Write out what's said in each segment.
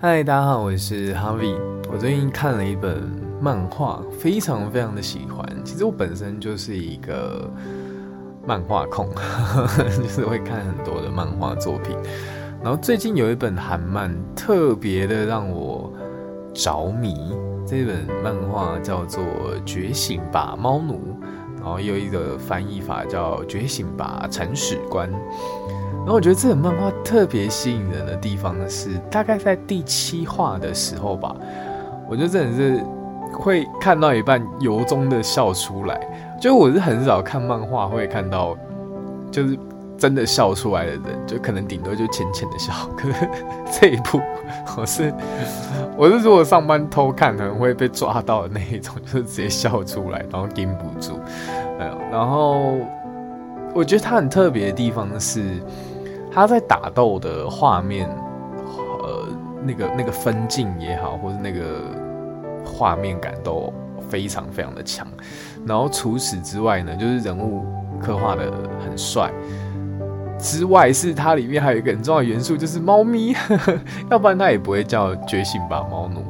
嗨，大家好，我是 Harvie。我最近看了一本漫畫，非常非常的喜歡。其實我本身就是一個漫畫控， 就是會看很多的漫畫作品。然後最近有一本韓漫，特別的讓我着迷。這一本漫畫叫做《覺醒吧，貓奴》，然後有一個翻譯法叫《覺醒吧鏟屎官》。那我覺得這本漫畫特別吸引人的地方是，大概在第七話的時候吧。我覺得真的是會看到一半由衷的笑出來。就我是很少看漫畫會看到，就是真的笑出來的人，就可能頂多就淺淺的笑。可是這一部，我是我是如果上班偷看，可能會被抓到的那一種，就是直接笑出來，然後頂不住、嗯。然後我覺得它很特別的地方是，他在打鬥的畫面，呃，那個那個分鏡也好，或是那個畫面感都非常非常的強。然後除此之外呢，就是人物刻畫的很帥。之外是它裡面還有一個很重要的元素，就是貓咪， 要不然它也不會叫覺醒吧，貓奴。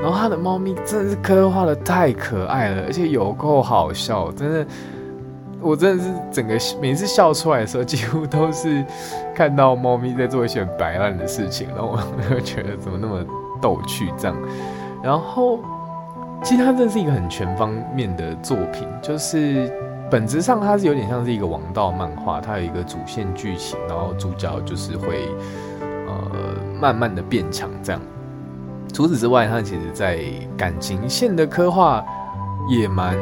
然後它的貓咪真的是刻畫的太可愛了，而且有夠好笑，真的。我真的是整個每次笑出來的時候，幾乎都是看到貓咪在做一些很白爛的事情，然後我就覺得怎麼那麼逗趣這樣。然後其實它真的是一個很全方面的作品，就是本質上它是有點像是一個王道漫畫，它有一個主線劇情，然後主角就是會呃慢慢的變強這樣。除此之外，它其實在感情線的刻畫也蠻。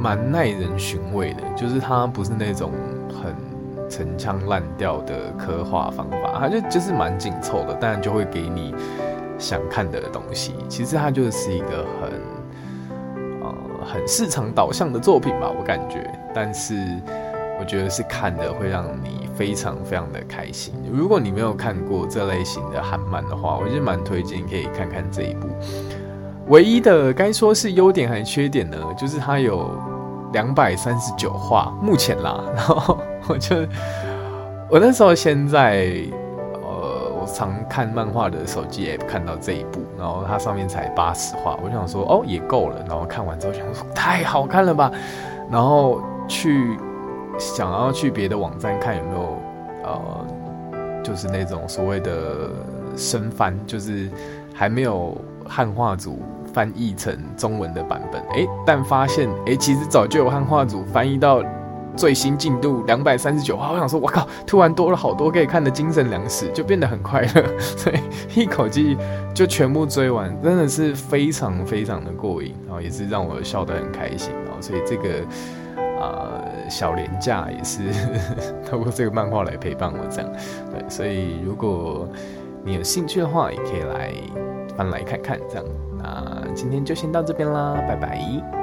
蠻耐人尋味的，就是它不是那種很陳腔濫調的刻畫方法，它就就是蠻緊湊的，但就會給你想看的東西。其實它就是一個很呃很市場導向的作品吧，我感覺。但是我覺得是看的會讓你非常非常的開心。如果你沒有看過這類型的韓漫的話，我就蠻推薦可以看看這一部。唯一的該說是優點還是缺點呢？就是它有兩百三十九話，目前啦。然後我就我那時候先在呃我常看漫畫的手機 app 看到這一部，然後它上面才八十話，我想說哦也夠了。然後看完之後想說太好看了吧，然後去想要去別的網站看有沒有呃就是那種所謂的生番，就是還沒有。漢化組翻譯成中文的版本，哎、欸，但發現，哎、欸，其實早就有漢化組翻譯到最新進度兩百三十九話，我想說，哇靠，突然多了好多可以看的精神糧食，就變得很快樂，所以一口氣就全部追完，真的是非常非常的過癮，然後也是讓我笑得很開心，然後所以這個啊、呃、小廉價也是透過這個漫畫來陪伴我這樣，對，所以如果你有興趣的話，也可以來。搬來看看，這樣，那今天就先到這邊啦，拜拜。